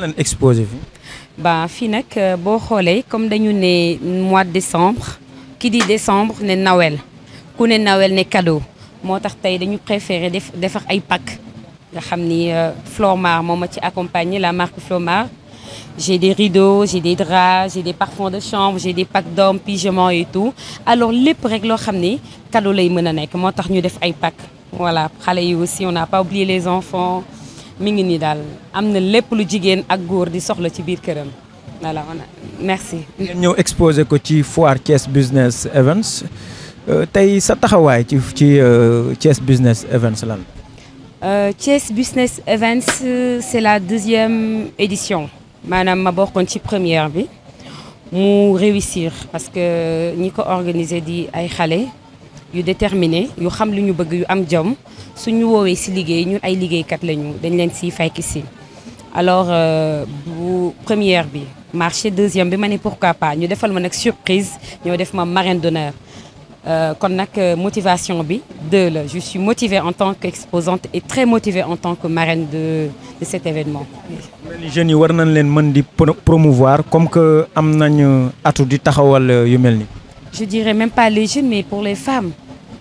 lan lañ exposé fi ba fii nag euh, boo xoolee comme dañu ne mois de décembre ki di décembre ne nawel ku ne nawel ne cadeau moo tax tey dañu préféré def defar ay pack nga xam ni euh, Flomar moo ma ci accompagner la marque Flomar j'ai des rideaux j'ai des draps j'ai des parfums de chambre j'ai des packs d'hommes pyjamas et tout alors lépp rek loo xam ni cadeau lay mën a nekk moo tax ñu def ay pack voilà xale yi aussi on n'a pas oublié les enfants mi ngi nii daal am na lépp lu jigéen ak góor di soxla ci biir këram voilà merci. ñëw exposé ko ci foir Thiès Business Events euh, tey sa taxawaay ci ci euh, Thiès Business Events lan. Euh, Thiès Business Events c'est la deuxième édition maanaam ma bokkoon ci première bi mu réussir parce que ñi ko organiser di ay xale yu déterminé yu xam li ñu bëgg yu am jom. suñ ñu woowee si liggéey ñun ay liggéeykat lañu dañ leen si fay si alors euh, bu première bi marché deuxième bi ma ni pourquoi pas ñu defal ma nag surprise ñoo def ma marraine d'honneur euh, kon nag euh, motivation bi de la je suis motivée en tant qu'exposante et très motivée en tant que marraine de de cet événement. mel jeunes yi war nañ leen man di promouvoir comme que am nañu atu di taxawal yu mel ni je dirais même pas les jeunes mais pour les femmes.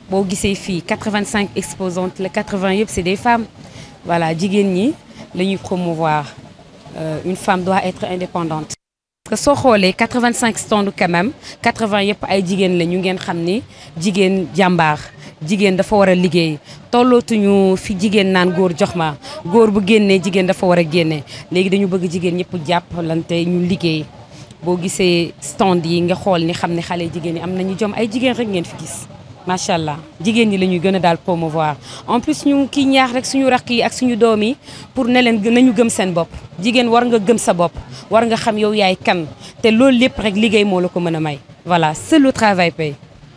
boo gisee fii vingt cinq exposantes la 80 yëpp c'est des femmes voilà jigéen ñi la ñuy promouvoir euh, une femme doit être indépendante. parce que soo xoolee 85 stands quand même 80 yëpp ay jigéen la ñu ngeen xam ni jigéen jàmbaar jigéen dafa war a liggéey tollootuñu fi jigéen naan góor jox ma góor bu génnee jigéen dafa war a génne léegi dañu bëgg jigéen ñëpp jàppalante ñu liggéey boo gisee stand yi nga xool ni xam ne xale jigéen yi am nañu jom ay jigéen rek ngeen fi macha allah jigéen ñi la ñuy gën a daal promouvoir en plus ñu kii ñaax rek suñu rakk yi ak suñu doom yi pour ne leen nañu gëm seen bopp jigéen war nga gëm sa bopp war nga xam yow yaay kan te loolu lépp rek liggéey moo la ko mën a may voilà seul le travail paye.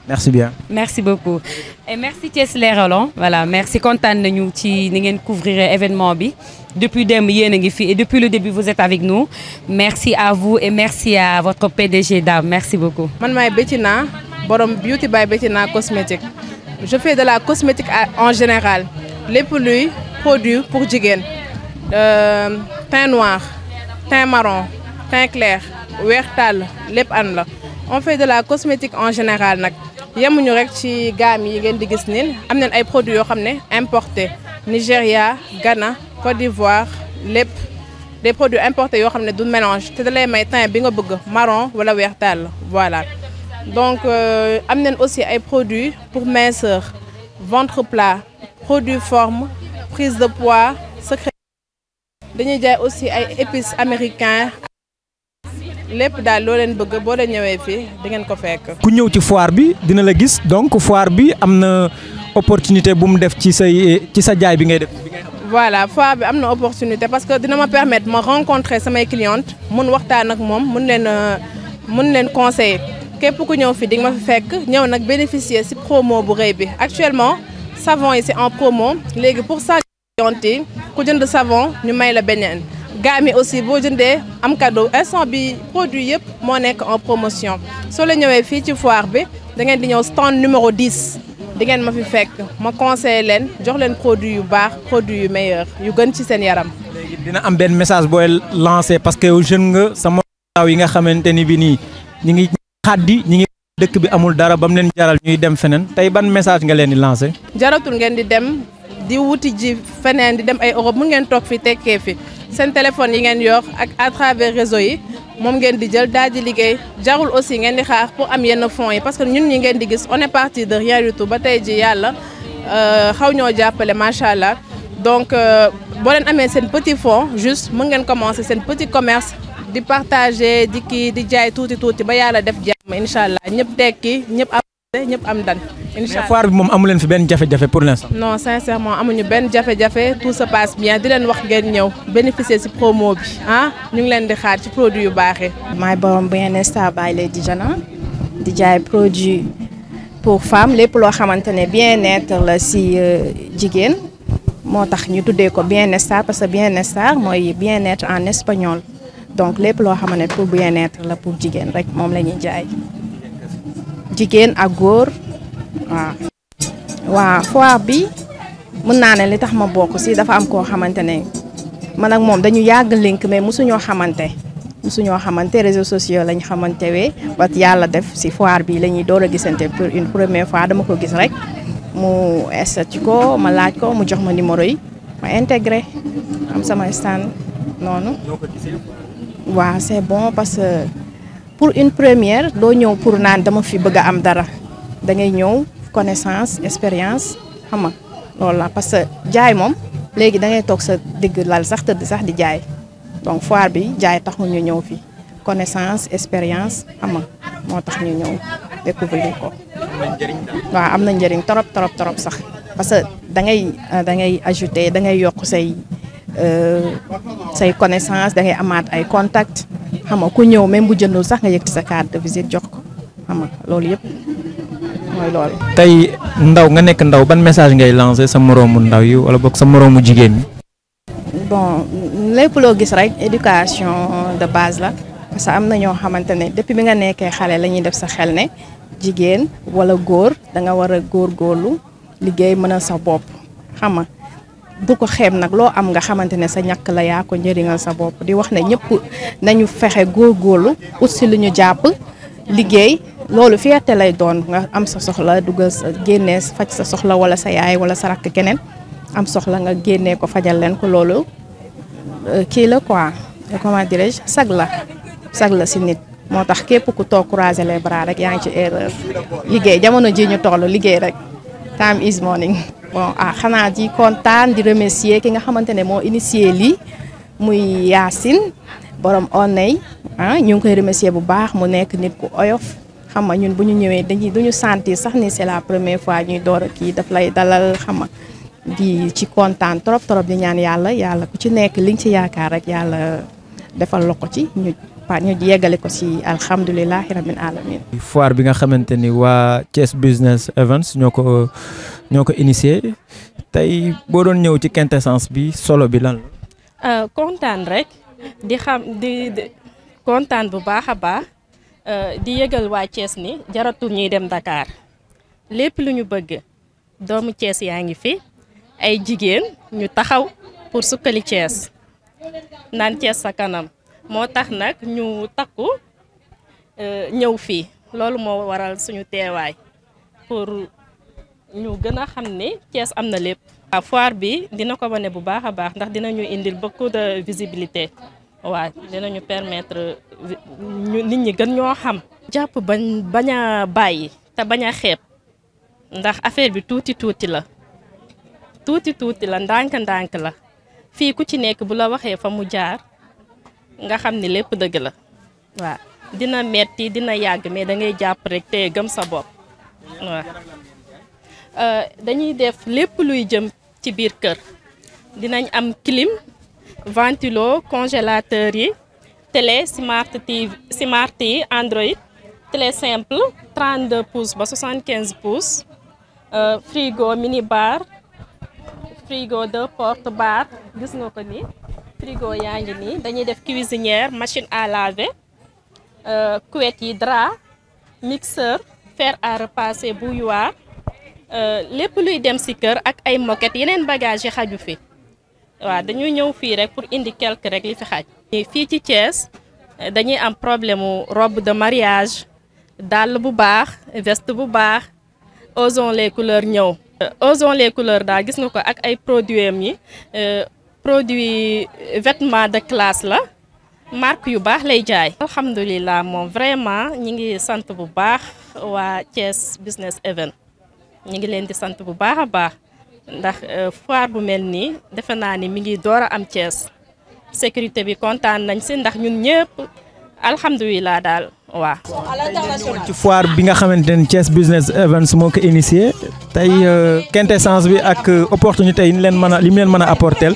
merci bien merci beaucoup et merci Thiès Leral voilà merci kontaan nañu ci ni ngeen couvrir événement bi depuis démb yéen a ngi fi et depuis le début vous êtes avec nous merci à vous et merci à votre PDG Dame merci beaucoup. borom Beauty by Bettina cosmétique je fais de la cosmétique en général lépp luy produit pour jigéen euh, teint noir teint marron teint clair weex tàll lépp an la on fait de la cosmétique en général nag yemuñu rek ci gamme yi ngeen di gis niin am nañ ay produits yoo xam ne importé Nigéria Ghana Côte d'Ivoire lépp des produits importés yoo xam ne du mélange te da lay may teint bi nga bëgg marron wala weex tàll voilà donc euh, am nañ aussi ay produits pour minceur ventre plat produits forme prise de poids secret dañuy jaay aussi ay épices américains lépp daal loo leen bëgg boo leen ñëwee fii di ko fekk. ku ñëw ci foire bi dina la gis donc foire bi am na opportunité bu mu def ci say ci sa jaay bi ngay def. voilà foire bi am na opportunité parce que dina ma permettre ma rencontrer samay clientes mun waxtaan ak moom mun leen euh, mun leen conseiller. képp ku ñëw fi di ma fi fekk ñëw nag bénéficier ci promo bu rëy bi actuellement savon yi c'est en promo léegi pour ça yi ku jënd savon ñu may la beneen gaam yi aussi boo jëndee am cadeau instant bi produit yëpp moo nekk en promotion soo la ñëwee fii ci foire bi dangeen ngeen di ñëw stand numéro 10 di ngeen ma fi fekk ma conseillé leen jox leen produit yu baax produit yu meilleur yu gën ci seen yaram. dina am benn message booy lancé parce que jeune nga sama taw yi nga xamante ni bi nii xaddi ñi ngi dëkk bi amul dara ba mu leen jaral ñuy dem feneen tey ban message nga leen di lancé. jaratul ngeen di dem di wuti ji feneen di dem ay Europe mun ngeen toog fi tekkee fi seen téléphone yi ngeen yor ak à travers réseau yi moom ngeen di jël daal di liggéey jarul aussi ngeen di xaar pour am yenn fonds yi parce que ñun ñu ngeen di gis on est parti de rien du tout ba tey ji yàlla euh, xaw ñoo jàppale macha allah donc. Euh, boo leen amee seen petit fonds juste mu ngeen commencer seen petit commerce di partager di kii di jaay tuuti tuuti ba yàlla def jàmm incha allah ñëpp tekki ñëpp am ñëpp am dan. incha allah bi moom amu leen fi benn jafe-jafe pour l'instant. non sincèrement amuñu benn jafe-jafe tout se passe bien di leen wax ngeen ñëw bénéficier ci promo bi ah ñu ngi leen di xaar ci produit yu baax maay borom Bienesta by Lady Diana di jaay produit pour femme lépp loo xamante ne bien-être la ci euh, jigéen. moo tax ñu tuddee ko Bienestar parce que Bienestar mooy bien-être en espagnol donc lépp loo xamante ne pour bien-être la pour jigéen rek moom la ñuy jaay jigéen ak góor waaw. waaw foire bi mën naa ne li tax ma bokk si dafa am koo xamante ne man ak moom dañu yàgg link mais mosuñoo xamante mosuñoo xamante réseaux sociaux lañ xamante wee ba yàlla def si foire bi la ñuy door a gisante pour une premier fois dama ko gis rek. mu estati ko ma laaj ko mu jox ma numéro yi ma intégré am sama stand noonu waa c'est bon parce que pour une première doo ñëw pour naan dama fi bëgg a am dara da ngay ñëw connaissance expérience ama loolu la parce que jaay moom léegi da ngay toog sa digg lal sax tëdd sax di jaay donc foire bi jaay taxul ñu ñëw fi connaissance expérience xam moo tax ñu ñëw découvrir ko waaw am na njariñ trop trop trop sax parce que da ngay euh, da ngay ajouter da ngay yokk say euh, say connaissance da ngay amaat ay contact xam nga ku ñëw même bu jëndul sax nga yëg ci sa carte de visite jox ko xam loolu yëpp mooy loolu. tey ndaw nga nekk ndaw ban message ngay lancer sa moroomu ndaw yi wala boog sa moroomu jigéen ñi. bon lépp loo gis rek éducation de base la. parce am na ñoo xamante ne depuis bi nga nekkee xale lañuy def sa xel ne jigéen wala góor da nga war a góor góorlu liggéey mënal sa bopp xama nga bu ko xeeb nag loo am nga xamante ne sa ñàkk la yaa ko njëriñal sa bopp di wax ne ñëpp nañu fexe góorgóorlu ut si lu ñu jàpp liggéey loolu fierté lay doon nga am sa soxla dugal sa génnee faj sa soxla wala sa yaay wala sa rakk keneen am soxla nga génnee ko fajal leen ko loolu euh, kii la quoi comment dirais sag la sag la si nit moo tax képp ku toog croiser les bras rek yaa ngi ci erreur liggéey jamono ji ñu toll liggéey rek time is morning. bon ah, xanaa ji kontaan di remercier ki nga xamante ne moo initié lii muy Yacine borom Oney ah ñu ngi koy remercier bu baax mu nekk nit ku oyof. xam nga ñun bu ñu ñëwee dañuy duñu sentir sax ni c'est la première fois ñuy door a kii daf lay dalal xam nga di ci kontaan trop trop di ñaan yàlla yàlla ku ci nekk liñ ci yaakaar rek yàlla defal la ci Paa ñu yeggale ko si alhamdulilahi rabbil foire bi nga xamante ni waa Thiès Business Events ñoo ko ñoo ko initié tey boo doon ñëw ci quintessence bi solo bi la. Euh, kontaan rek di xam di kontaan bu baax a baax euh, di yëgal waa Thiès ni jaratul ñuy dem ndakaar lépp lu ñu bëgg doomu Thiès yaa ngi fi ay jigéen ñu taxaw pour sukkali Thiès naan Thiès sa kanam. moo tax nag ñu takku euh, ñëw fii loolu moo waral suñu teewaay pour ñu gën a xam ni Thiès am na lépp. waaw foire bi dina ko wane bu baax a baax ndax dinañu indil indil beaucoup de visibilité waaw dina ñu permettre ñu nit ñi gën ñoo xam. jàpp bañ bañ a bàyyi te bañ a xeeb ndax affaire bi tuuti tuuti la tuuti tuuti la ndànk ndànk la fii ku ci nekk bu la waxee fa mu jaar. nga xam ni lépp dëgg la waaw dina metti dina yàgg mais da ngay jàpp rek te gëm sa bopp waaw euh, dañuy def lépp luy jëm ci biir kër dinañ am clim ventilo congélateur yi télé smart TV smart yi Android télé simple 32 pouces ba 75 pouces euh, frigo mini bar frigo de porte bar gis nga ko ni frigo yaa ngi nii dañuy def cuisinière machine à lave euh, couette yi drap mixeur fer à repasser bouilloire euh, lépp luy dem si kër ak ay moquette yeneen bagage yi xaju fi waaw dañuy ñëw fii rek pour indi quelque rek li fi xaj fii ci Thiès dañuy am problème mu robe de mariage dàll bu baax veste bu baax osons les couleur ñëw euh, osons les couleurs daal gis nga ko ak ay produits am yi produit euh, vêtement de classe la marque yu baax lay jaay. alhamdulilah moom vraiment ñi ngi sant bu baax waa Thiès business event ñi ngi leen di sant bu baax a baax ndax euh, foire bu mel nii defe naa ni mi ngi door a am Thiès sécurité bi kontaan nañ si ndax ñun ñëpp alhamdulilah daal waa ci foire bi nga xamante ne Thiès business events moo ko initié tey euh, quintessence bi ak opportunité yi ñu leen mën a li mu leen mën a apporter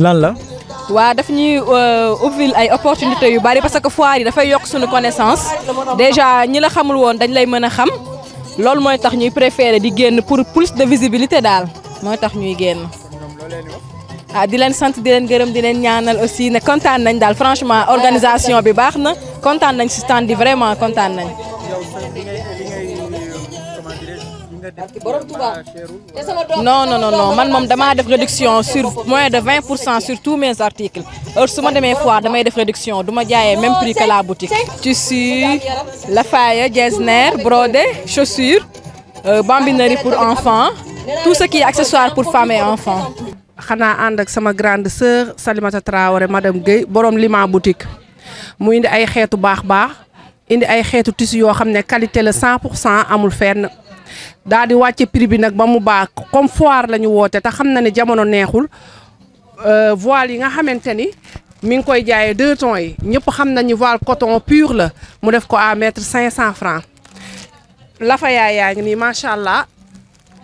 lan la. waaw dafa ñuy euh, ubbil ay opportunités yu bari parce que foire yi dafay yokk suñu connaissance déjà ñi la xamul woon dañ lay mën a xam loolu mooy tax ñuy préférer di génn pour plus de visibilité daal mooy tax ñuy génn. ah di leen sant di leen gërëm di leen ñaanal aussi ne kontaan nañ daal franchement organisation bi baax na kontaan nañ si stand bi vraiment kontaan nañ. non non non man moom damaa def réduction sur moins de 20 pour cent sur tous mes articles heure su ma demee foire damay def réduction du ma jaayee même prix que la boutique. tissu lafaaya getzner brodé chaussures euh, bambinerie pour enfants tout ce qui est accessoire pour femmes et enfants. xanaa ànd ak sama grande sœur Salimata Traoré madame Guèye borom Lima boutique mu indi ay xeetu baax baax indi ay xeetu tissu yoo xam ne qualité la 100 pour cent amul fenn. daa di wàcce prix bi nag ba mu baax comme foire la ñu woote te xam na ne jamono neexul euh, voile yi nga xamante ni mi ngi koy jaaye deux tons yi ñëpp xam nañu voile coton pur la mu def ko à mettre cinq cent francs lafa yaay yaa ngi nii macha allah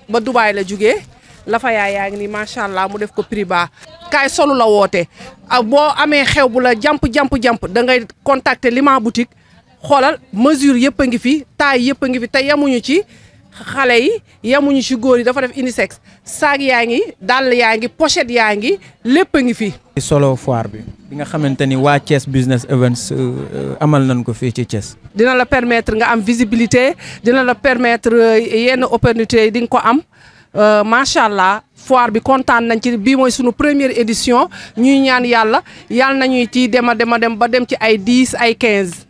ba Dubaay la jugee lafa yaay yaa ngi nii macha allah mu def ko prix bas. kay solu la woote ak ah, boo amee xew bu la jàmp jàmp jàmp da ngay contacter Lima boutique xoolal mesure yëpp a ngi fi taille yëpp a ngi fi te yamuñu ci. xale yi yemuñu ci góor yi dafa def unisex saag yaa ngi dàll yaa ngi pochette yaa ngi lépp a ngi fi. solo foir bi bi nga xamante ni waa Thiès business events euh, euh, amal nañ ko fii ci Thiès. dina la permettre nga am visibilité dina la permettre euh, yenn opportunité yi di nga ko am macha allah foir bi kontaan nañ ci bii mooy sunu première édition ñuy ñaan yàlla yàlla nañuy ci dem a dem a dem ba dem ci ay dix ay quinze.